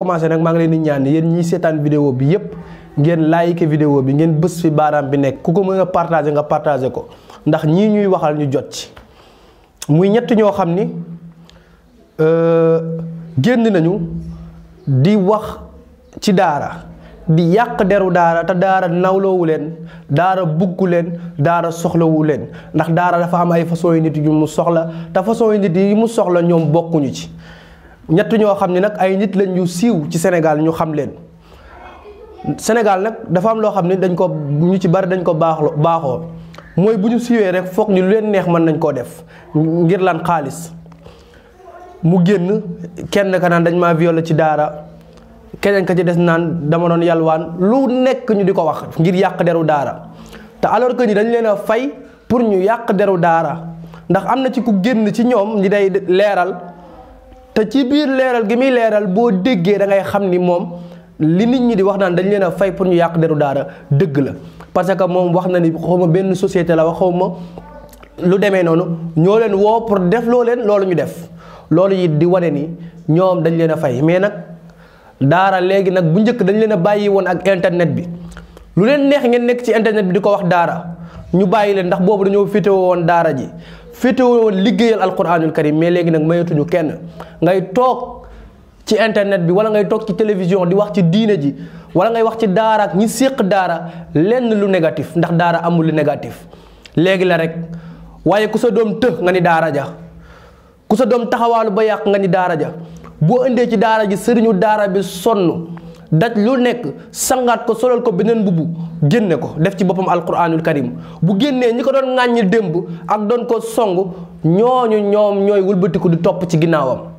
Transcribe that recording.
commencé nak ma ngi leen di ñaan yeen ñi sétane vidéo bi yépp ngeen like vidéo bi ngeen bëss fi baram bi nek kuko ko partager nga partager ko ndax ñi ñuy waxal ñu jot ci muy ñett ño xamni ni euh, genn nañu di wax ci daara di yak deru daara ta daara wu len daara buggu len daara wu len ndax daara dafa am ay façon nit yu mu soxla ta façon nit yi mu soxla bokku ñu ci ñett ñoo xamni nak ay nit lañ ñu siiw ci Sénégal ñu xam leen Sénégal nak dafa am lo xamni dañ ko ñu ci bari dañ ko baaxlo baaxoo mooy bu ñu siiwee rek fokk ñu leen neex man nañ ko def ngir lan xaalis mu genn kenn ka naan dañ ma violé ci daara keneen ka ci dess naan dama don yalwaan lu nekk ñu di wax ngir yaq deru daara ta alors que ñi dañ leena fay pour ñu yaq deru daara ndax amna ci ku genn ci ñom ñi day leral te ci biir leeral gi muy leeral boo déggee da ngay xam ni moom li nit ñi di wax naan dañu leen a fay pour ñu yàq deru daara dëgg la parce que moom wax na ni xawma benn société la wax xawma lu demee noonu ñoo leen woow pour def loo leen loolu ñu def loolu it di wane ni ñoom dañ leen a fay mais nag daara léegi nag bu njëkk dañ leen a bàyyi woon ak internet bi lu leen neex ngeen nekk ci internet bi di ko wax daara ñu bàyyi leen ndax boobu dañoo féetewoo woon daara ji féetewoo liggéeyal alquranul karim mais léegi nag mayatuñu kenn ngay toog ci internet bi wala ngay toog ci télévision di wax ci diine ji wala ngay wax ci daara ak ñi séq daara lenn lu négatif ndax daara amul lu négatif léegi la rek waaye ku sa doom të nga ni daara ja ku sa doom taxawaalu ba yàq nga ni daara ja boo indee ci daara ji sëriñu daara bi sonn daj lu nekk sangaat ko solal ko beneen mbubu génne ko def ci boppam alquranul karim bu génnee ñi ko doon ŋàññi démb ak doon ko song ñooñu ñoom ñooy wëlbatiku di topp ci ginnaawam